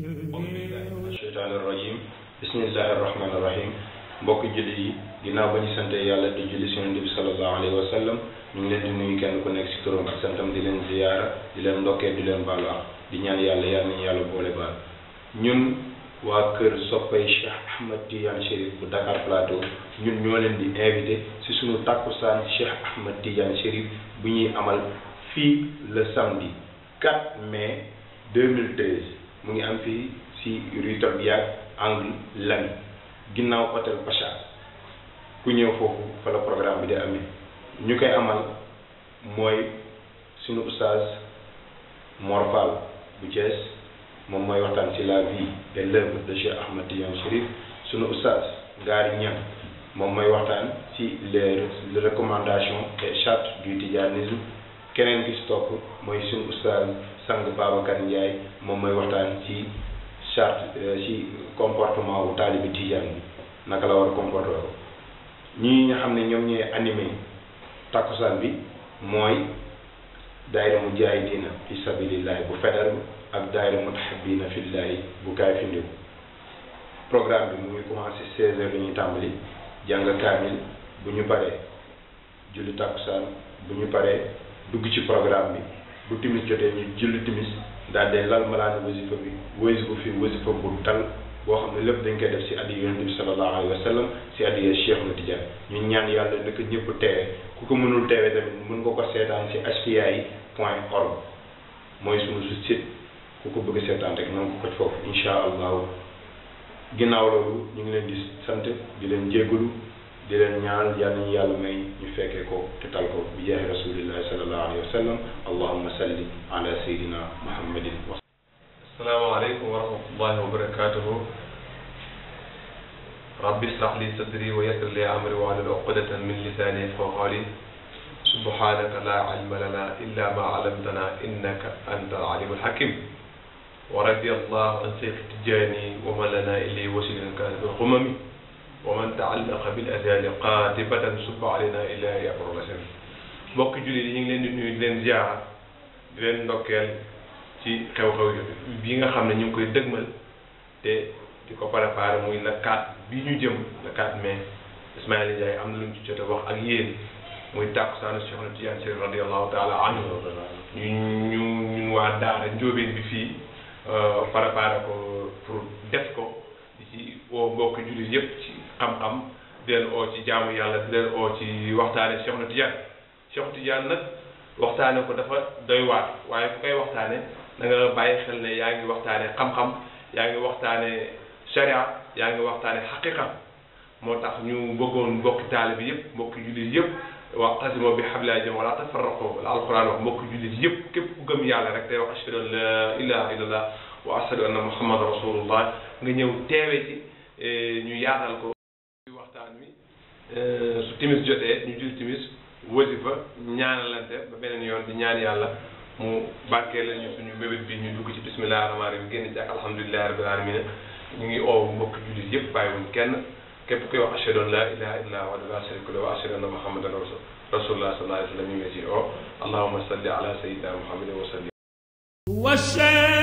sheytaan irrajim bismillahi irrahmani irrahim mbokk julli yi ginnaaw ba ñu sante yàlla di julli si yonent bi sallallahu alayhi wa sallam ñu ngi leen di nuyu kenn ku nekk si turam ak santam di leen ziyaara di leen ndokkee di leen baalu ak di ñaan yàlla yàlla nañu yàlla boole baal ñun waa kër soppay Cheikh Ahmad Tidiane Chérif bu Dakar Plateau ñun ñoo leen di invité si suñu tàkkusaan Cheikh Ahmad Tidiane Chérif bu ñuy amal fii le samedi 4 mai 2013 mu ngi am fii si rue Tobia angle Lami ginnaaw hôtel Pacha ku ñëw foofu fa programme bi di amee ñu koy amal mooy suñu oustaz Mor bu Thiès moom mooy waxtaan si la vie et l'œuvre de Cheikh Ahmad Tidiane Chérif suñu oustaz Ngaari Niang moom mooy waxtaan si les recommandations et chartes du tidianisme keneen ki si topp mooy suñu ustaas sang Babacar Ndiaye moom mooy waxtaan ci charte euh, ci comportement bu taalibi tijaan bi naka la war a comporté ni ñi nga xam ne ñoom ñooy animé takkusaan bi mooy daayira mu jaay diina fi sabilillahi bu fedar ak daayira mu taxabina fillahi bu kaay findiku programme bi mu ngi commencé 16 heures ñuy tàmbali jàng kaamil bu ñu paree julli takkusaan bu ñu paree dugg ci programme bi bu timis jotee ñu julli timis daal day lal malaani wasifa bi wasifa bu tal boo xam ne lépp dañ koy def si addi yonent bi sallallahu alayhi wa ci si addi Cheikh Tidiane ñu ñaan yàlla naka ñëpp teewee ku ko mënul teewee tamit mën nga ko seetaan si asfiyahi point org mooy suñu su site ku ko bëgg seetaan rek noonu ko ko foofu incha allahu ginnaaw loolu ñu ngi leen di sant di leen jégalu di leen ñaanal yal nañu yàlla may ñu fekkee ko te tal ko bi jaahi rasulillahi sallallahu alayhi wa sallam allahumma salli ala sayyidina muhammadin wa asalaamaaleykum wa rahmatullahi wa barakatuhu rabbi ishrah li sadri wa yassir li amri wa ahlul uqdatan min lisani yafqahu qawli subhanaka la ilma lana illa ma allamtana innaka anta alimul hakim wa radi allahu an seyxi tijaani wa man lana ilayhi wasilin kaana bil xumami wa man taallaqa bil adyaani qaatibatan subba alayna illa yabrulasin mbokki jullit yi ñu ngi leen di nuyu di leen ziar di leen ndokkeel ci xew-xew yi bi nga xam ne ñu ngi koy dëgmal te di ko préparé muy la 4 bi ñu jëm la 4 mai Ismaïla Ndiaye am na lu ñu ci jot a wax ak yéen muy tàkkusaanu Cheikh Tidiane Chérif radiyallahu taala anhu ñu ñu ñun waa daara njóobeen bi fii euh, préparé ko pour def ko di ci woo mbokki jullit yëpp ci xam-xam di leen oo ci jaamu yàlla di leen oo ci waxtaane Cheikh na Tidiane Cheikh Tidiane nag waxtaane ko dafa doy waaye ku waxtaane da nga bàyyi xel ne yaa waxtaane xam-xam yaa ngi waxtaane sharia yaa waxtaane xaqiqa moo tax ñu bëggoon mbokki taalibe yëpp mbokki jullit yëpp wa'tasimu bi hablillahi jamii'an wa laa tafarraqu la alquran wax mbokki jullit yëpp képp ku gëm yàlla rek day wax ashhadu an laa ilaaha illallah wa ashhadu anna muhammadan rasulullah nga ñëw teewe ci eh, ñu yaatal ko Euh, su timis jotee ñu jul timis wasifa ñaanalante ba beneen yoon di ñaan yàlla mu barkeel lañu suñu mébét bi ñu dugg ci bisimilah rahmaan rahim génn ci ak alhamdulilahi rabbil ñu ngi oow mbokk jullit yëpp bàyyiwuñ kenn képp kuy wax ashhadu la laa ilaha illa allah wahdahu laa sharika lahu wa ashhadu anna muhammadan rasulullah sallallahu alayhi wa sallam ñu ngi ci oo allahumma salli ala sayyidina muhammadin wa sallim